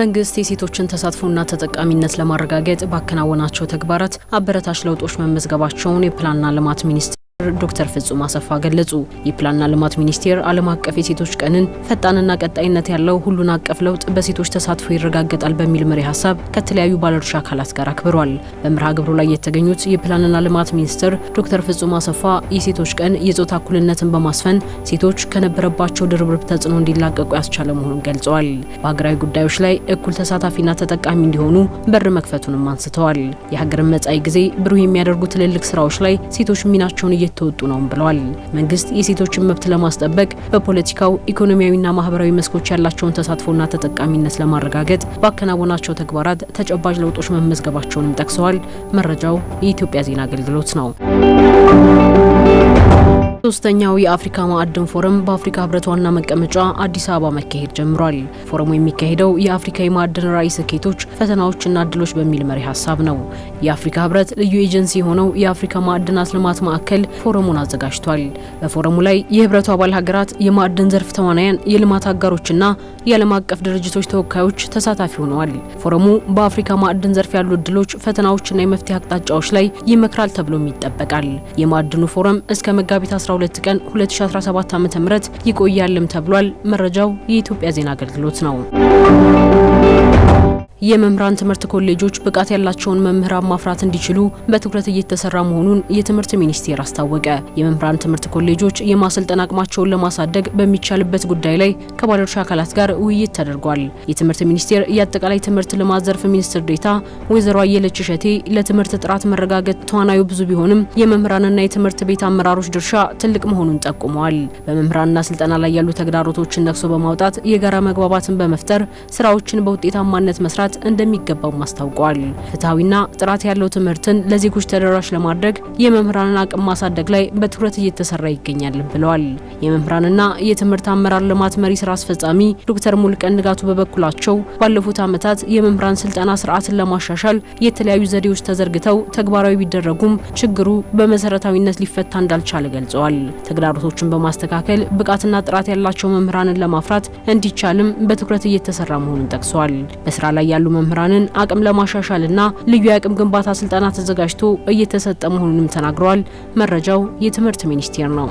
መንግስት የሴቶችን ተሳትፎና ተጠቃሚነት ለማረጋገጥ ባከናወናቸው ተግባራት አበረታች ለውጦች መመዝገባቸውን የፕላንና ልማት ሚኒስትር ዶክተር ፍጹም አሰፋ ገለጹ። የፕላንና ልማት ሚኒስቴር ዓለም አቀፍ የሴቶች ቀንን ፈጣንና ቀጣይነት ያለው ሁሉን አቀፍ ለውጥ በሴቶች ተሳትፎ ይረጋገጣል በሚል መሪ ሀሳብ ከተለያዩ ባለድርሻ አካላት ጋር አክብሯል። በመርሃ ግብሩ ላይ የተገኙት የፕላንና ልማት ሚኒስትር ዶክተር ፍጹም አሰፋ የሴቶች ቀን የጾታ እኩልነትን በማስፈን ሴቶች ከነበረባቸው ድርብርብ ተጽዕኖ እንዲላቀቁ ያስቻለ መሆኑን ገልጸዋል። በሀገራዊ ጉዳዮች ላይ እኩል ተሳታፊና ተጠቃሚ እንዲሆኑ በር መክፈቱንም አንስተዋል። የሀገርን መጻኢ ጊዜ ብሩህ የሚያደርጉ ትልልቅ ስራዎች ላይ ሴቶች ሚናቸውን እየ እየተወጡ ነው ብለዋል። መንግስት የሴቶችን መብት ለማስጠበቅ በፖለቲካው ኢኮኖሚያዊና ማህበራዊ መስኮች ያላቸውን ተሳትፎና ተጠቃሚነት ለማረጋገጥ ባከናወናቸው ተግባራት ተጨባጭ ለውጦች መመዝገባቸውንም ጠቅሰዋል። መረጃው የኢትዮጵያ ዜና አገልግሎት ነው። ሶስተኛው የአፍሪካ ማዕድን ፎረም በአፍሪካ ህብረት ዋና መቀመጫ አዲስ አበባ መካሄድ ጀምሯል። ፎረሙ የሚካሄደው የአፍሪካ የማዕድን ራዕይ ስኬቶች፣ ፈተናዎችና እድሎች በሚል መሪ ሀሳብ ነው። የአፍሪካ ህብረት ልዩ ኤጀንሲ የሆነው የአፍሪካ ማዕድናት ልማት ማዕከል ፎረሙን አዘጋጅቷል። በፎረሙ ላይ የህብረቱ አባል ሀገራት፣ የማዕድን ዘርፍ ተዋናያን፣ የልማት አጋሮችና የዓለም አቀፍ ድርጅቶች ተወካዮች ተሳታፊ ሆነዋል። ፎረሙ በአፍሪካ ማዕድን ዘርፍ ያሉ እድሎች፣ ፈተናዎችና የመፍትሄ አቅጣጫዎች ላይ ይመክራል ተብሎም ይጠበቃል። የማዕድኑ ፎረም እስከ መጋቢት 12 12 ቀን 2017 ዓ.ም ይቆያልም ተብሏል። መረጃው የኢትዮጵያ ዜና አገልግሎት ነው። የመምህራን ትምህርት ኮሌጆች ብቃት ያላቸውን መምህራን ማፍራት እንዲችሉ በትኩረት እየተሰራ መሆኑን የትምህርት ሚኒስቴር አስታወቀ። የመምህራን ትምህርት ኮሌጆች የማሰልጠን አቅማቸውን ለማሳደግ በሚቻልበት ጉዳይ ላይ ከባለድርሻ አካላት ጋር ውይይት ተደርጓል። የትምህርት ሚኒስቴር የአጠቃላይ ትምህርት ልማት ዘርፍ ሚኒስትር ዴታ ወይዘሮ አየለች እሸቴ ለትምህርት ጥራት መረጋገጥ ተዋናዩ ብዙ ቢሆንም የመምህራንና የትምህርት ቤት አመራሮች ድርሻ ትልቅ መሆኑን ጠቁመዋል። በመምህራንና ስልጠና ላይ ያሉ ተግዳሮቶችን ነቅሶ በማውጣት የጋራ መግባባትን በመፍጠር ስራዎችን በውጤታማነት መስራት መስራት እንደሚገባው አስታውቀዋል። ፍትሐዊና ጥራት ያለው ትምህርትን ለዜጎች ተደራሽ ለማድረግ የመምህራንን አቅም ማሳደግ ላይ በትኩረት እየተሰራ ይገኛል ብለዋል። የመምህራንና የትምህርት አመራር ልማት መሪ ስራ አስፈጻሚ ዶክተር ሙልቀን ንጋቱ በበኩላቸው ባለፉት ዓመታት የመምህራን ስልጠና ስርዓትን ለማሻሻል የተለያዩ ዘዴዎች ተዘርግተው ተግባራዊ ቢደረጉም ችግሩ በመሰረታዊነት ሊፈታ እንዳልቻለ ገልጸዋል። ተግዳሮቶችን በማስተካከል ብቃትና ጥራት ያላቸው መምህራንን ለማፍራት እንዲቻልም በትኩረት እየተሰራ መሆኑን ጠቅሰዋል። በስራ ላይ ያሉ መምህራንን አቅም ለማሻሻልና ልዩ የአቅም ግንባታ ስልጠና ተዘጋጅቶ እየተሰጠ መሆኑንም ተናግረዋል። መረጃው የትምህርት ሚኒስቴር ነው።